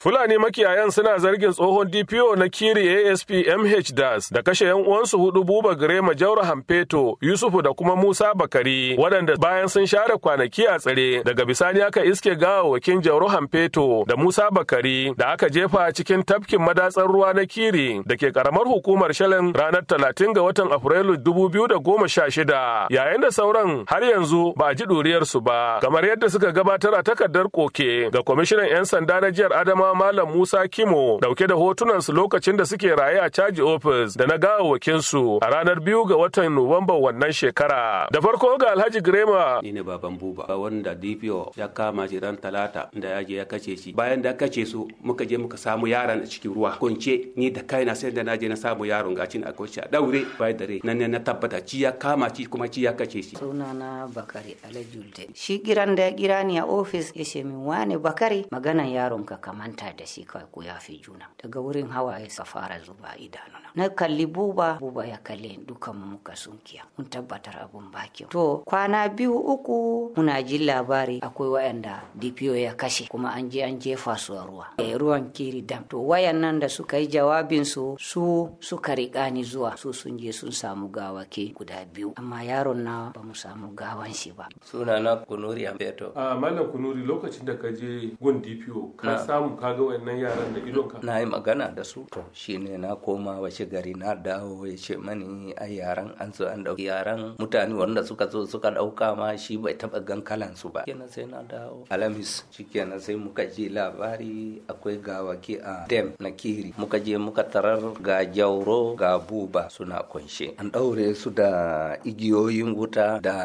Fulani makiyayan suna zargin tsohon DPO na Kiri ASP MH Das da kashe yan uwansu hudu Buba Girema Jauro Hampeto, Yusufu da kuma Musa Bakari, waɗanda bayan sun share kwanaki a tsare daga bisani aka iske gawawwakin Jauro Hampeto da Musa Bakari da aka jefa cikin tafkin madatsar ruwa na Kiri da ke karamar hukumar shalin ranar talatin ga watan Afrilu dubu biyu da goma sha shida, yayin da sauran har yanzu ba a ji ɗuriyarsu ba, kamar yadda suka gabatar a takardar koke ga kwamishinan 'yan sanda na jihar Adama kuma Malam Musa Kimo dauke da hotunan su lokacin da suke raye a caji office da na gawawakinsu a ranar biyu ga watan Nuwamba wannan shekara. Da farko ga Alhaji Grema. Ni ne baban buba wanda DPO ya kama shi ran talata da ya je ya kace shi. Bayan da kace su muka je muka samu yaran a cikin ruwa. Kunce ni da kaina sai da na je na samu yaron gacin a kunce a daure bayan dare. Nan ne na tabbata ci ya kama ci kuma ci ya kace shi. Sunana Bakari Alhaji Shi kiran da ya kira ni a ofis ya ce min wane Bakari maganan yaron ka kaman manta da shi kawai ku yafi juna daga wurin hawaye sa fara zuba idanu na kalli buba buba ya kalle dukan mu muka sunkiya mun tabbatar abun baki to kwana biyu uku muna ji labari akwai wayanda DPO ya kashe kuma an je an jefa su a ruwa e, ruwan kiri dam to wayan nan da suka yi jawabin su su suka riƙa ni zuwa su sun je sun samu gawake guda biyu amma yaron na ba mu samu gawan shi ba sunana kunuri ambeto a ah, mallam kunuri lokacin da ka je gun DPO ka samu ka ka ga yaran da idonka na yi magana da su to shine na koma wace gari na dawo ya ce mani ai yaran an zo an dauki yaran mutane wanda suka zo suka dauka ma shi bai taba gan kalan su ba kenan sai na dawo alamis shikenan sai muka ji labari akwai gawaki a dem na kiri muka je muka tarar ga jauro ga buba suna kunshe an daure su da igiyoyin wuta da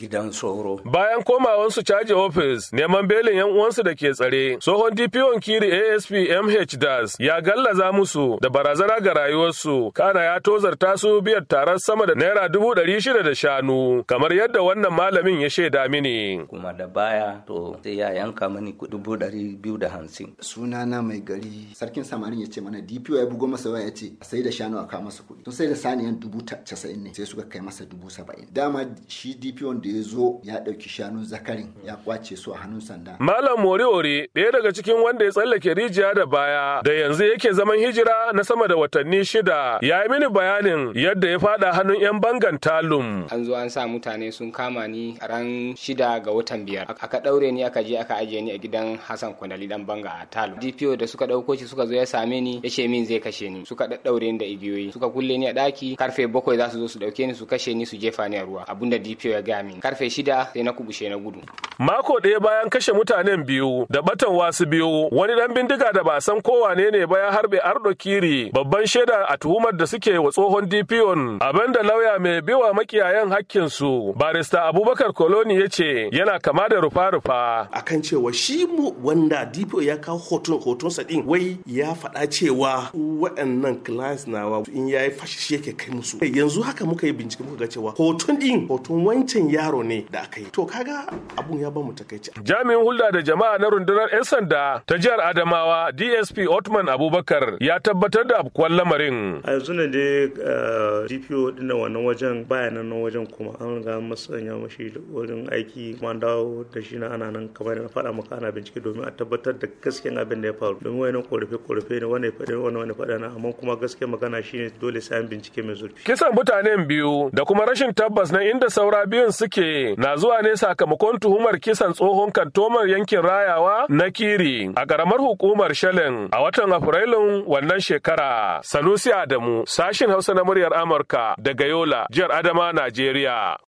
gidan soro bayan komawansu caji ofis neman belin yan uwansu da ke tsare tsohon dpo kiri wani ASP MH Das ya gallaza musu da barazana ga rayuwarsu kana ya tozarta su biyar taron sama da naira dubu ɗari shida da shanu kamar yadda wannan malamin ya shaida mini. Kuma da baya to sai ya yanka mani dubu ɗari biyu da hamsin. Sunana mai gari sarkin samarin ya ce mana DPO ya bugo masa waya ya ce sai da shanu a kawo masa kuɗi. To sai da saniyan dubu casa'in ne sai suka kai masa dubu saba'in. Dama shi DPO da ya zo ya ɗauki shanu zakarin ya kwace su a hannun sanda. Malam Moriori ɗaya daga cikin wanda ya tsallake da ke rijiya da baya da yanzu yake zaman hijira na sama da watanni shida ya yi mini bayanin yadda ya fada hannun 'yan bangan talum. An zo an sa mutane sun kama ni a ran shida ga watan biyar. Aka ɗaure ni aka je aka ajiye ni a gidan Hassan Kwandali dan banga a talum. DPO da suka ɗauko shi suka zo ya same ni ya min zai kashe ni. Suka ɗaɗɗaure ni da igiyoyi. Suka kulle ni a ɗaki karfe bakwai za su zo su ɗauke ni su kashe ni su jefa ni a ruwa. Abunda DPO ya gaya min. Karfe shida sai na kubushe na gudu. Mako ɗaya bayan kashe mutanen biyu da batan wasu biyu wani ɗan 'yan bindiga da ba san kowane ne ba ya harbe Ardo Kiri babban shaida a tuhumar da suke wa tsohon DPON da lauya mai biwa makiyayan hakkinsu barista Abubakar Koloni ya ce yana kama da rufa-rufa. Akan cewa shi mu wanda DPO ya kawo hoton hotonsa wai ya faɗa cewa waɗannan class nawa in ya yi yake kai musu. Yanzu haka muka yi bincike muka ga cewa hoton ɗin hoton wancan yaro ne da aka yi. To kaga abun ya bamu takaici. Jami'in hulɗa da jama'a na rundunar 'yan sanda ta jihar Adamawa DSP Otman Abubakar ya tabbatar da afkuwar lamarin. A yanzu ne dai eh, DPO din wannan wajen bayanan nan wajen kuma an ga masanya mashi wurin aiki kuma an dawo da shi na ana nan kamar na faɗa maka ana bincike domin a tabbatar da gaskiyan abin da ya faru domin wani korafe korafe ne wani faɗi wani wani faɗa na amma kuma gaskiyar magana shi ne dole sai an bincike mai zurfi. Kisan mutanen biyu da kuma rashin tabbas na inda saura biyun suke na zuwa ne sakamakon tuhumar kisan tsohon kantomar yankin rayawa na kiri a ƙaramar hukumar Shalin a watan Afrilun wannan shekara. Sanusi Adamu, sashin Hausa na muryar Amurka daga Yola, jihar Adama, Najeriya.